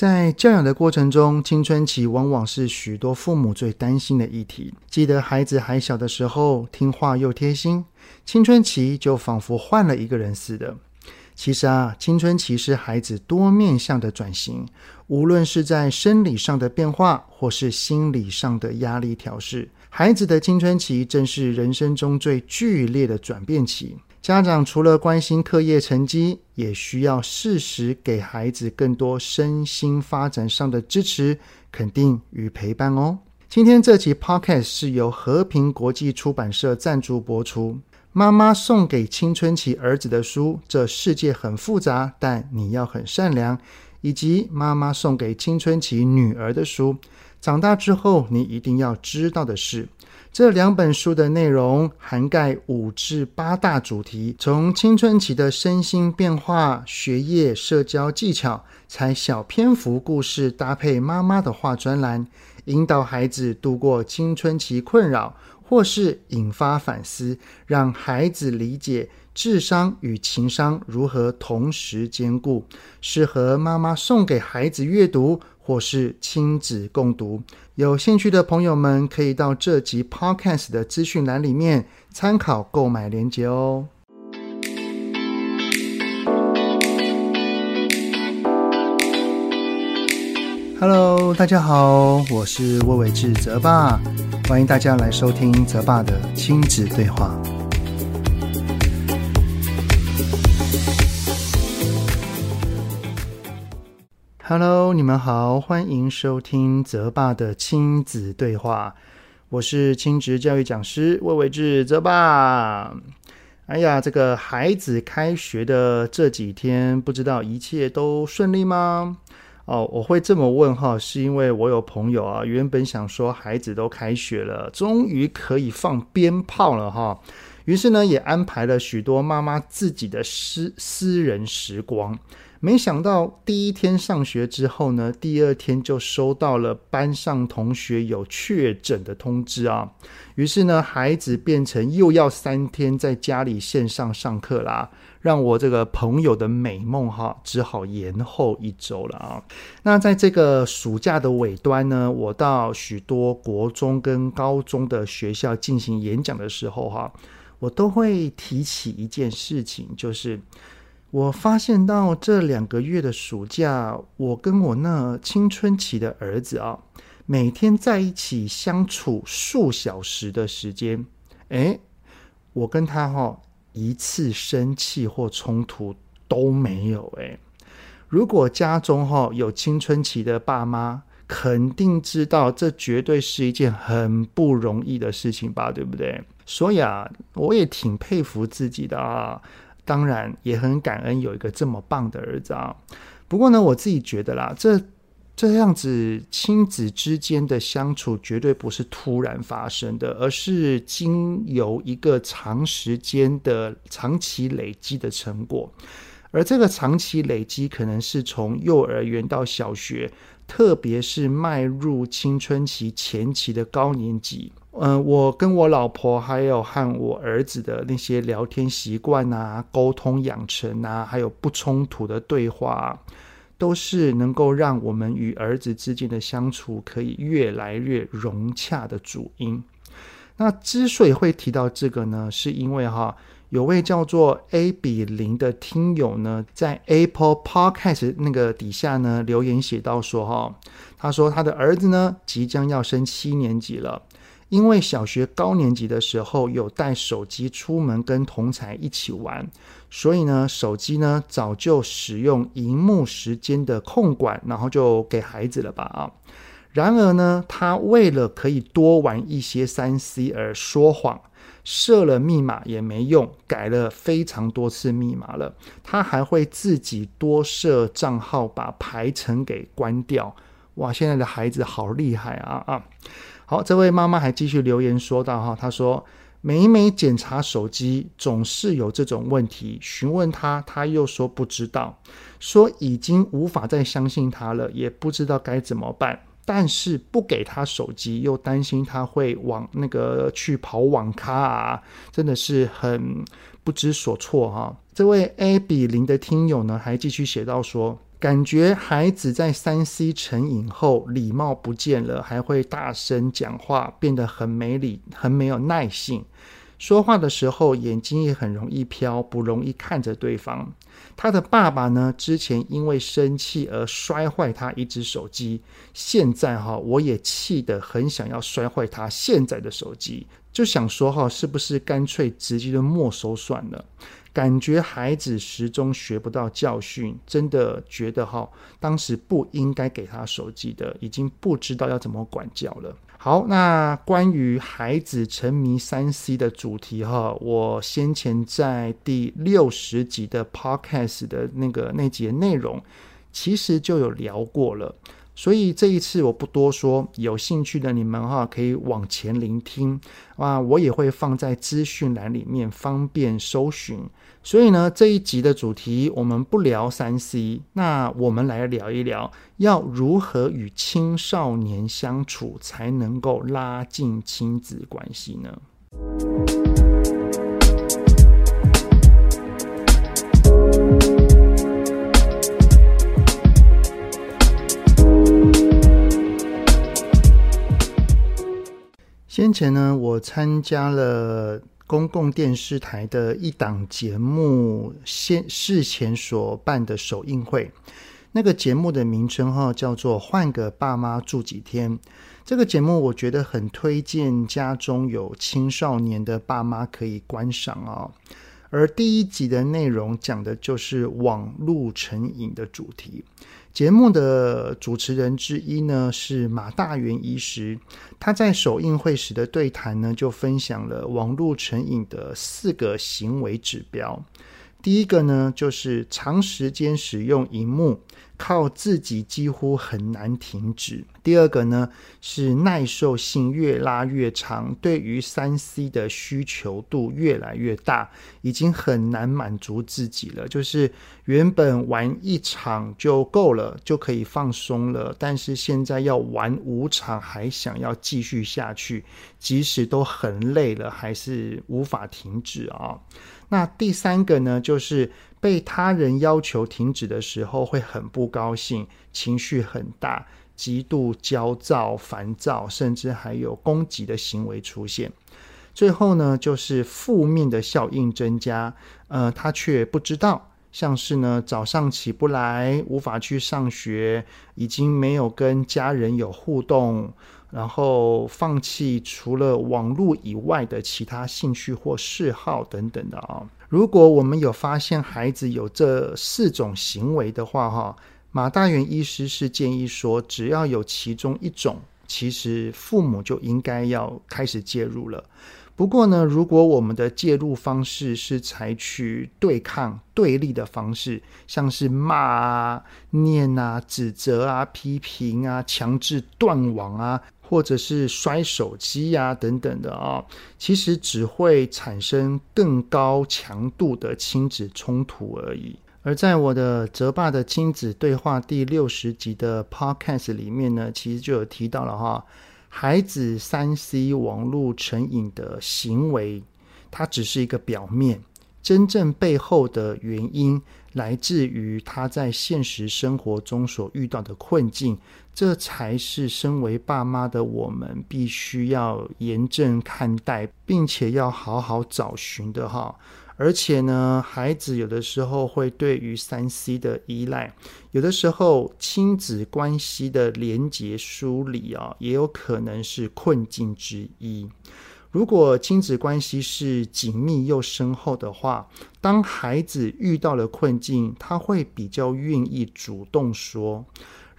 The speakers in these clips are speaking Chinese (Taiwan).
在教養的過程中，青春期往往是許多父母最擔心的議題。記得孩子還小的時候，聽話又貼心，青春期就仿佛換了一個人似的。其實啊，青春期是孩子多面向的轉型，無論是在生理上的變化，或是心理上的壓力調適。孩子的青春期正是人生中最劇烈的轉變期，家長除了關心課業成績，也需要適時給孩子更多身心發展上的支持、肯定與陪伴哦。今天這期 Podcast 是由和平國際出版社贊助播出。媽媽送給青春期兒子的書：《這世界很複雜，但你要很善良》，以及媽媽送給青春期女兒的書，長大之後，你一定要知道的是，這兩本書的內容涵蓋五至八大主題，從青春期的身心變化、學業、社交技巧，採小篇幅故事搭配媽媽的話專欄，引導孩子度過青春期困擾，或是引發反思，讓孩子理解。智商與情商如何同時兼顧？適合媽媽送給孩子閱讀，或是親子共讀。有興趣的朋友們可以到這集 Podcast 的資訊欄裡面參考購買連結哦。Hello，大家好，我是魏瑋志澤爸，歡迎大家來收聽澤爸的親子對話。Hello，你們好，歡迎收聽澤爸的親子對話。我是親職教育講師魏瑋志澤爸。哎呀，這個孩子開學的這幾天，不知道一切都順利嗎？哦，我會這麼問哈，是因為我有朋友啊，原本想說孩子都開學了，終於可以放鞭炮了哈，於是呢也安排了許多媽媽自己的私私人時光。沒想到第一天上學之後呢，第二天就收到了班上同學有確診的通知啊，於是呢，孩子變成又要三天在家裡線上上課啦，讓我這個朋友的美夢哈，只好延後一週了啊。那在這個暑假的尾端呢，我到許多國中跟高中的學校進行演講的時候哈，我都會提起一件事情，就是。我發現到這兩個月的暑假，我跟我那青春期的兒子啊，每天在一起相處數小時的時間，哎，我跟他哈、哦、一次生氣或衝突都沒有哎。如果家中哈有青春期的爸媽，肯定知道這絕對是一件很不容易的事情吧，對不對？所以啊，我也挺佩服自己的啊。當然也很感恩有一個這麼棒的兒子啊。不過呢，我自己覺得啦，這這樣子親子之間的相處絕對不是突然發生的，而是經由一個長時間的長期累積的成果，而這個長期累積可能是從幼兒園到小學，特別是邁入青春期前期的高年級。嗯、呃，我跟我老婆還有和我兒子的那些聊天習慣啊、溝通養成啊，還有不衝突的對話、啊，都是能夠讓我們與兒子之間的相處可以越來越融洽的主因。那之所以會提到這個呢，是因為哈，有位叫做 A 比零的聽友呢，在 Apple Podcast 那個底下呢留言寫道說哈，他說他的兒子呢即將要升七年級了。因為小學高年級的時候有帶手機出門跟同才一起玩，所以呢，手機呢早就使用熒幕時間的控管，然後就給孩子了吧啊。然而呢，他為了可以多玩一些三 C 而說謊，設了密碼也沒用，改了非常多次密碼了，他還會自己多設賬號，把排程給關掉。哇，現在的孩子好厲害啊啊！好，這位媽媽還繼續留言說到哈，她說每每檢查手機總是有這種問題，詢問他，他又說不知道，說已經無法再相信他了，也不知道該怎麼辦。但是不給他手機，又擔心他會往那個去跑網咖啊，真的是很不知所措哈、啊。這位 A 比零的聽友呢，還繼續寫到說。感覺孩子在 3C 成癮後，禮貌不見了，還會大聲講話，變得很沒理、很沒有耐性。說話的時候，眼睛也很容易飄，不容易看着對方。他的爸爸呢，之前因為生氣而摔壞他一隻手機，現在哈，我也氣得很，想要摔壞他現在的手機，就想說哈，是不是乾脆直接就沒收算了。感覺孩子始終學不到教訓，真的覺得哈，當時不應該給他手機的，已經不知道要怎麼管教了。好，那關於孩子沉迷三 C 的主題哈，我先前在第六十集的 podcast 的那個那集內容，其實就有聊過了。所以這一次我不多說，有興趣的你們哈可以往前聆聽啊，我也會放在資訊欄裡面方便搜尋。所以呢，這一集的主題我們不聊三 C，那我們來聊一聊，要如何與青少年相處才能夠拉近親子關係呢？先前呢，我參加了公共電視台的一檔節目，先事前所辦的首映會。那個節目的名稱哦，叫做《換個爸媽住幾天》。這個節目我覺得很推薦家中有青少年的爸媽可以觀賞哦。而第一集的內容講的就是網路成癮的主題。節目的主持人之一呢，是馬大元醫師，他在首映會時的對談呢，就分享了網絡成癮的四個行為指標。第一個呢，就是長時間使用熒幕，靠自己幾乎很難停止。第二個呢，是耐受性越拉越長，對於三 C 的需求度越來越大，已經很難滿足自己了。就是原本玩一場就夠了，就可以放鬆了，但是現在要玩五場，還想要繼續下去，即使都很累了，還是無法停止啊、哦。那第三個呢，就是被他人要求停止的時候會很不高興，情緒很大。極度焦躁、煩躁，甚至還有攻擊的行為出現。最後呢，就是負面的效應增加。呃，他卻不知道，像是呢，早上起不來，無法去上學，已經沒有跟家人有互動，然後放棄除了網絡以外的其他興趣或嗜好等等的啊、哦。如果我們有發現孩子有這四種行為的話、哦，哈。馬大元醫師是建議說，只要有其中一種，其實父母就應該要開始介入了。不過呢，如果我們的介入方式是採取對抗、對立的方式，像是罵啊、念啊、指責啊、批評啊、強制斷網啊，或者是摔手機啊等等的啊，其實只會產生更高強度的親子衝突而已。而在我的澤爸的親子對話第六十集的 podcast 裡面呢，其實就有提到了哈，孩子三 C 網絡成癮的行為，它只是一個表面，真正背後的原因來自於他在現實生活中所遇到的困境，這才是身為爸媽的我們必須要嚴正看待，並且要好好找尋的哈。而且呢，孩子有的時候會對於三 C 的依賴，有的時候親子關係的連結疏離啊，也有可能是困境之一。如果親子關係是緊密又深厚的話，當孩子遇到了困境，他會比較願意主動說。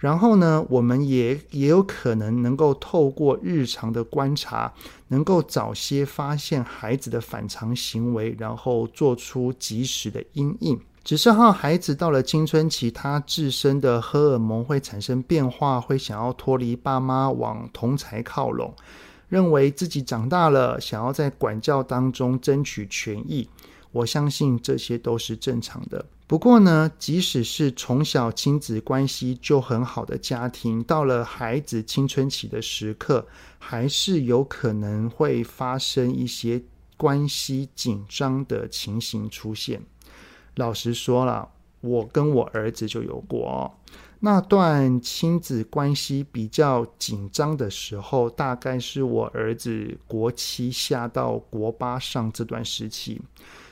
然後呢，我們也也有可能能夠透過日常的觀察，能夠早些發現孩子的反常行為，然後做出及時的因應。只是哈，孩子到了青春期，他自身的荷爾蒙會產生變化，會想要脫離爸媽，往同儕靠攏，認為自己長大了，想要在管教當中爭取權益。我相信這些都是正常的。不過呢，即使是從小親子關係就很好的家庭，到了孩子青春期的時刻，還是有可能會發生一些關係緊張的情形出現。老實說了，我跟我兒子就有過。那段親子關係比較緊張的時候，大概是我兒子國七下到國八上這段時期，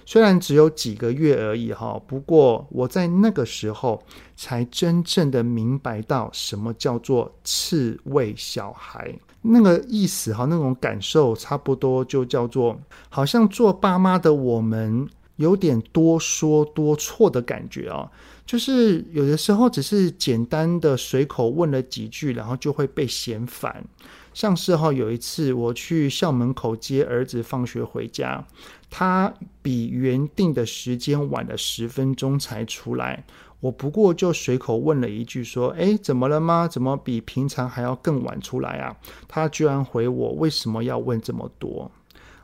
雖然只有幾個月而已哈，不過我在那個時候才真正的明白到什麼叫做刺蝟小孩，那個意思哈，那種感受差不多就叫做好像做爸媽的我們有點多說多錯的感覺啊。就是有的時候只是簡單的隨口問了幾句，然後就會被嫌煩。像是哈有一次我去校門口接兒子放學回家，他比原定的時間晚了十分鐘才出來，我不過就隨口問了一句說：“哎，怎麼了嗎？怎麼比平常還要更晚出來啊？”他居然回我：“為什麼要問這麼多？”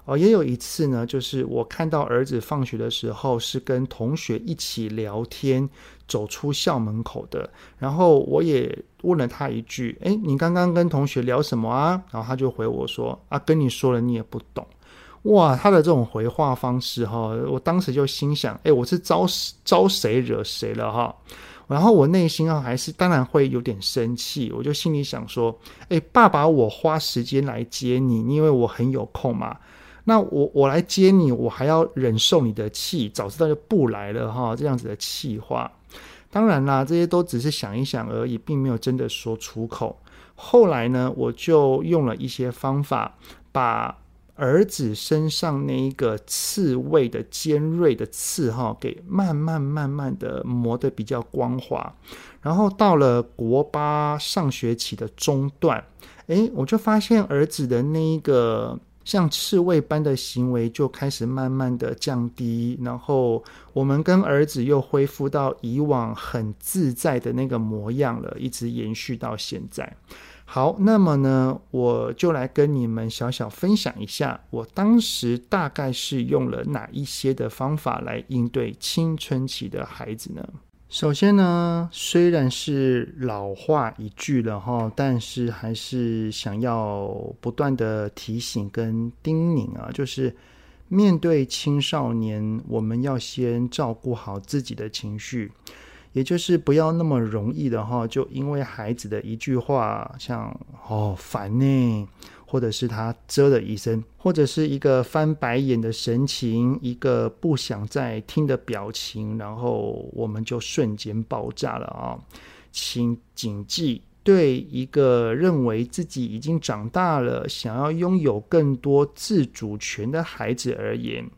哦，也有一次呢，就是我看到兒子放學的時候是跟同學一起聊天走出校門口的，然後我也問了他一句：“誒，你剛剛跟同學聊什麼啊？”然後他就回我說：“啊，跟你說了，你也不懂。”哇，他的這種回話方式哈，我當時就心想：“誒，我是招招誰惹誰了哈？”然後我內心啊還是當然會有點生氣，我就心裡想說：“誒，爸爸，我花時間來接你，你因為我很有空嘛。”那我我來接你，我還要忍受你的氣，早知道就不來了哈，這樣子的氣話。當然啦，這些都只是想一想而已，並沒有真的說出口。後來呢，我就用了一些方法，把兒子身上那一個刺蝟的尖銳的刺哈，給慢慢慢慢的磨得比較光滑。然後到了國八上學期的中段，誒、欸，我就發現兒子的那一個。像刺蝟般的行為就開始慢慢的降低，然後我們跟兒子又恢復到以往很自在的那個模樣了，一直延續到現在。好，那麼呢，我就來跟你們小小分享一下，我當時大概是用了哪一些的方法來應對青春期的孩子呢？首先呢，雖然是老話一句了哈，但是還是想要不斷的提醒跟叮嚀啊，就是面對青少年，我們要先照顧好自己的情緒，也就是不要那麼容易的哈，就因為孩子的一句話，像好煩呢。煩欸或者是他嘖的一聲，或者是一個翻白眼的神情，一個不想再聽的表情，然後我們就瞬間爆炸了啊、哦！請謹記，對一個認為自己已經長大了、想要擁有更多自主權的孩子而言。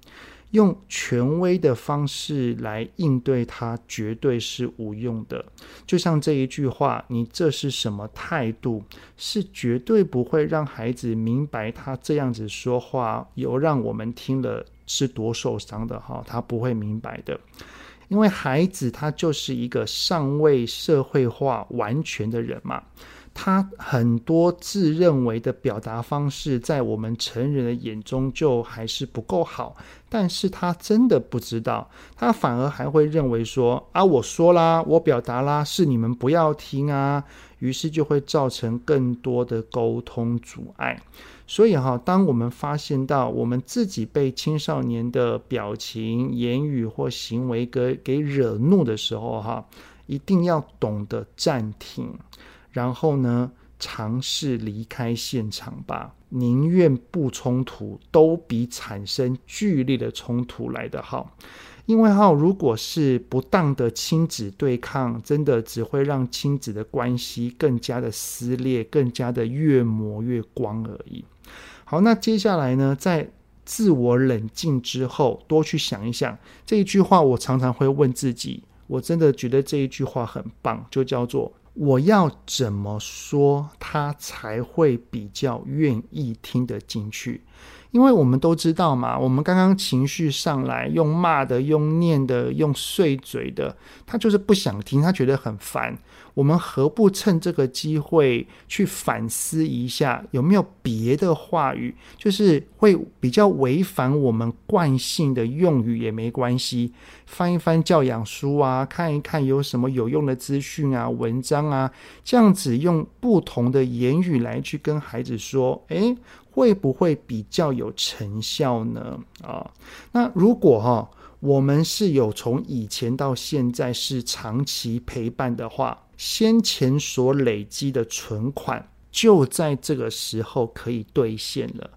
用權威的方式來應對他，絕對是無用的。就像這一句話，你這是什麼態度？是絕對不會讓孩子明白他這樣子說話，有讓我們聽了是多受傷的哈。他不會明白的，因為孩子他就是一個尚未社會化完全的人嘛。他很多自認為的表達方式，在我們成人的眼中就還是不夠好，但是他真的不知道，他反而還會認為說啊，我說啦，我表達啦，是你們不要聽啊，於是就會造成更多的溝通阻礙。所以哈，當我們發現到我們自己被青少年的表情、言語或行為給給惹怒的時候，哈，一定要懂得暫停。然後呢，嘗試離開現場吧，寧願不衝突，都比產生劇烈的衝突來得好。因為哈，如果是不當的親子對抗，真的只會讓親子的關係更加的撕裂，更加的越磨越光而已。好，那接下來呢，在自我冷靜之後，多去想一想這一句話。我常常會問自己，我真的覺得這一句話很棒，就叫做。我要怎麼說，他才會比較願意聽得進去？因為我們都知道嘛，我們剛剛情緒上來，用罵的、用念的、用碎嘴的，他就是不想聽，他覺得很煩。我們何不趁這個機會去反思一下，有沒有別的話語，就是會比較違反我們慣性的用語也沒關係。翻一翻教養書啊，看一看有什麼有用的資訊啊、文章啊，這樣子用不同的言語來去跟孩子說，誒。會不會比較有成效呢？啊、哦，那如果哈、哦，我們是有從以前到現在是長期陪伴的話，先前所累積的存款就在這個時候可以兌現了。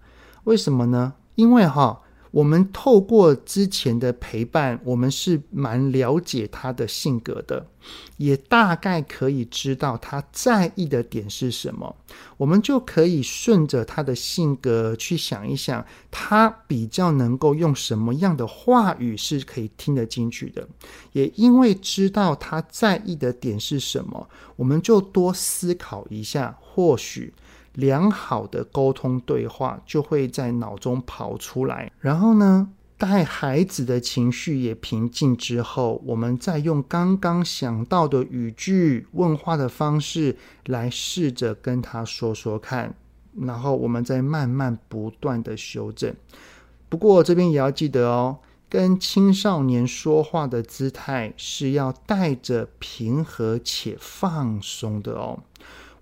為什麼呢？因為哈、哦。我們透過之前的陪伴，我們是蠻了解他的性格的，也大概可以知道他在意的點是什麼。我們就可以順着他的性格去想一想，他比較能夠用什麼樣的話語是可以聽得進去的。也因為知道他在意的點是什麼，我們就多思考一下，或許。良好的溝通對話就會在腦中跑出來，然後呢，待孩子的情緒也平靜之後，我們再用剛剛想到的語句、問話的方式來試着跟他說說看，然後我們再慢慢不斷地修正。不過這邊也要記得哦，跟青少年說話的姿態是要帶着平和且放鬆的哦。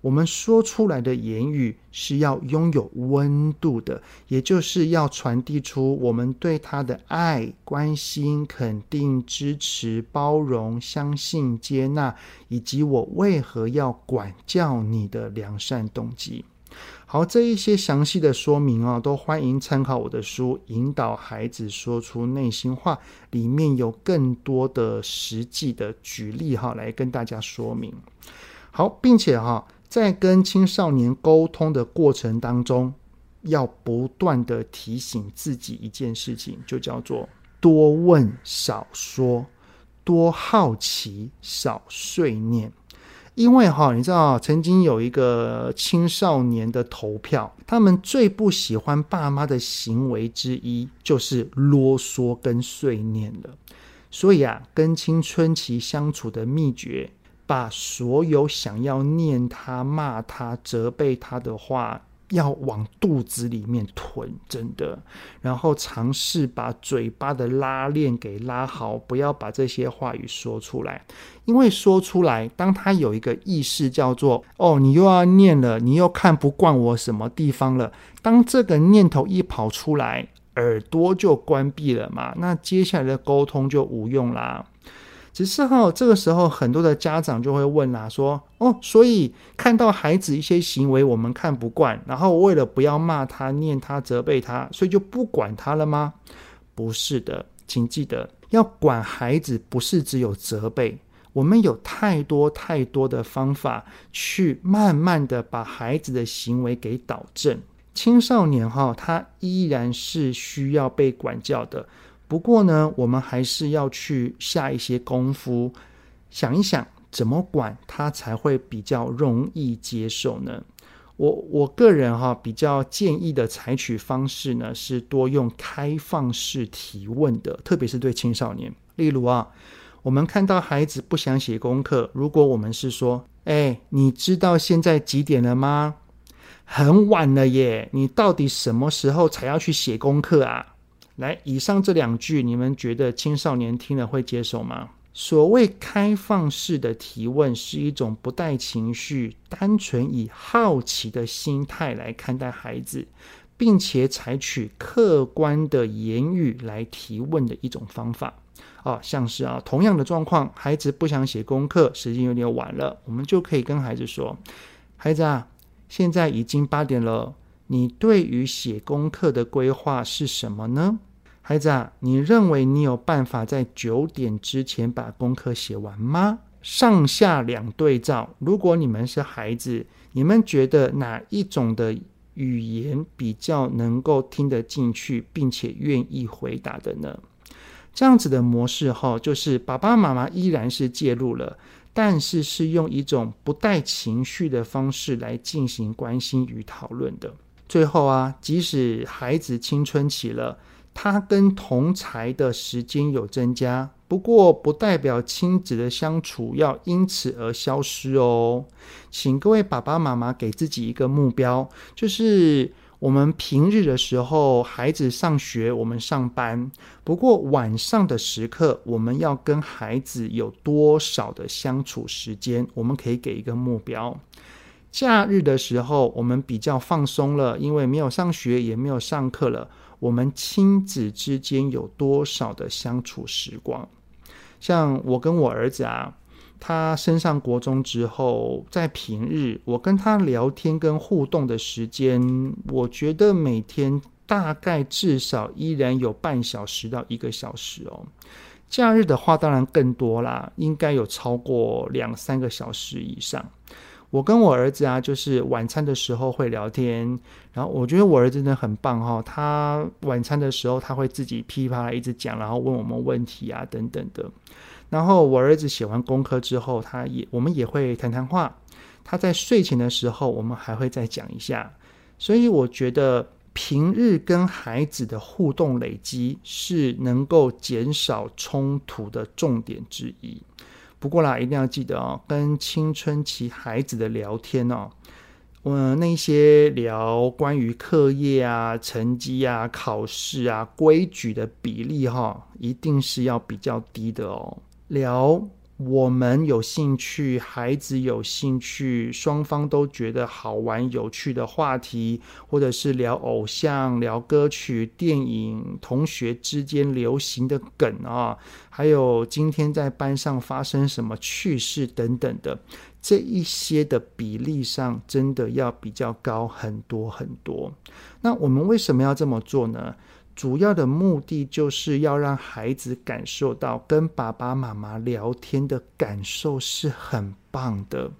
我們說出來的言語是要擁有溫度的，也就是要傳遞出我們對他的愛、關心、肯定、支持、包容、相信、接納，以及我為何要管教你的良善動機。好，這一些詳細的說明啊，都歡迎參考我的書《引導孩子說出內心話》，裡面有更多的實際的舉例哈，來跟大家說明。好，並且哈、啊。在跟青少年溝通的過程當中，要不斷地提醒自己一件事情，就叫做多問少說，多好奇少碎念。因為哈，你知道曾經有一個青少年的投票，他們最不喜歡爸媽的行為之一就是囉嗦跟碎念了。所以啊，跟青春期相處的秘訣。把所有想要念他、罵他、責備他的話，要往肚子裡面吞，真的。然後嘗試把嘴巴的拉鏈給拉好，不要把這些話語說出來。因為說出來，當他有一個意識叫做“哦，你又要念了，你又看不慣我什麼地方了”，當這個念頭一跑出來，耳朵就關閉了嘛。那接下來的溝通就無用啦。只是哈、哦，這個時候很多的家長就會問啦、啊，說哦，所以看到孩子一些行為，我們看不慣，然後為了不要罵他、念他、責備他，所以就不管他了嗎？不是的，請記得要管孩子，不是只有責備，我們有太多太多的方法去慢慢的把孩子的行為給導正。青少年哈、哦，他依然是需要被管教的。不過呢，我們還是要去下一些功夫，想一想怎麼管他才會比較容易接受呢？我我個人哈比較建議的採取方式呢，是多用開放式提問的，特別是對青少年。例如啊，我們看到孩子不想寫功課，如果我們是說，哎，你知道現在幾點了嗎？很晚了耶，你到底什麼時候才要去寫功課啊？來，以上這兩句，你們覺得青少年聽了會接受嗎？所謂開放式的提問，是一種不帶情緒、單純以好奇的心態來看待孩子，並且採取客觀的言語來提問的一種方法。啊，像是啊，同樣的狀況，孩子不想寫功課，時間有點晚了，我們就可以跟孩子說：“孩子啊，現在已經八點了。”你對於寫功課的規劃是什麼呢，孩子啊？你認為你有辦法在九點之前把功課寫完嗎？上下兩對照，如果你們是孩子，你們覺得哪一種的語言比較能夠聽得進去，並且願意回答的呢？這樣子的模式哈，就是爸爸媽媽依然是介入了，但是是用一種不帶情緒的方式來進行關心與討論的。最後啊，即使孩子青春期了，他跟同儕的時間有增加，不過不代表親子的相處要因此而消失哦。請各位爸爸媽媽給自己一個目標，就是我們平日的時候，孩子上學，我們上班，不過晚上的時刻，我們要跟孩子有多少的相處時間，我們可以給一個目標。假日的時候，我們比較放鬆了，因為沒有上學，也沒有上課了。我們親子之間有多少的相處時光？像我跟我兒子啊，他升上國中之後，在平日我跟他聊天跟互動的時間，我覺得每天大概至少依然有半小時到一個小時哦。假日的話，當然更多啦，應該有超過兩三個小時以上。我跟我兒子啊，就是晚餐的時候會聊天，然後我覺得我兒子真的很棒哈、哦，他晚餐的時候他會自己噼裡啪啦一直講，然後問我們問題啊等等的。然後我兒子寫完功課之後，他也我們也會談談話。他在睡前的時候，我們還會再講一下。所以我覺得平日跟孩子的互動累積是能夠減少衝突的重點之一。不過啦，一定要記得哦，跟青春期孩子的聊天哦。嗯、呃，那些聊關於課業啊、成績啊、考試啊、規矩的比例哈、哦，一定是要比較低的哦，聊。我們有興趣，孩子有興趣，雙方都覺得好玩、有趣的話題，或者是聊偶像、聊歌曲、電影、同學之間流行的梗啊、哦，還有今天在班上發生什麼趣事等等的，這一些的比例上真的要比較高很多很多。那我們為什麼要這麼做呢？主要的目的就是要讓孩子感受到跟爸爸媽媽聊天的感受是很棒的，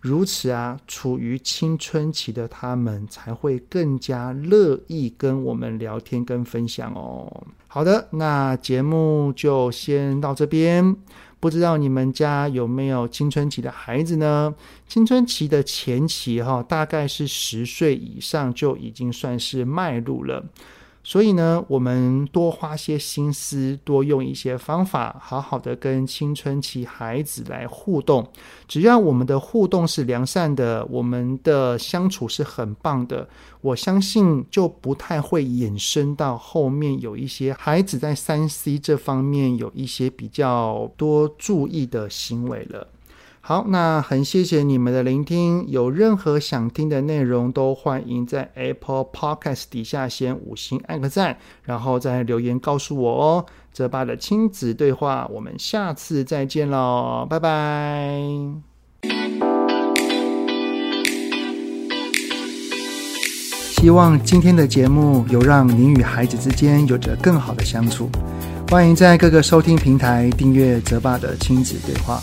如此啊，處於青春期的他們才會更加樂意跟我們聊天跟分享哦。好的，那節目就先到這邊。不知道你們家有沒有青春期的孩子呢？青春期的前期哈、哦，大概是十歲以上就已經算是邁入了。所以呢，我們多花些心思，多用一些方法，好好的跟青春期孩子來互動。只要我們的互動是良善的，我們的相處是很棒的，我相信就不太會衍生到後面有一些孩子在 3C 這方面有一些比較多注意的行為了。好，那很謝謝你們的聆聽。有任何想聽的內容，都歡迎在 Apple Podcast 底下先五星按個贊，然後再留言告訴我哦。澤爸的親子對話，我們下次再見嘍，拜拜。希望今天的節目有讓您與孩子之間有着更好的相處。歡迎在各個收聽平台訂閱澤爸的親子對話。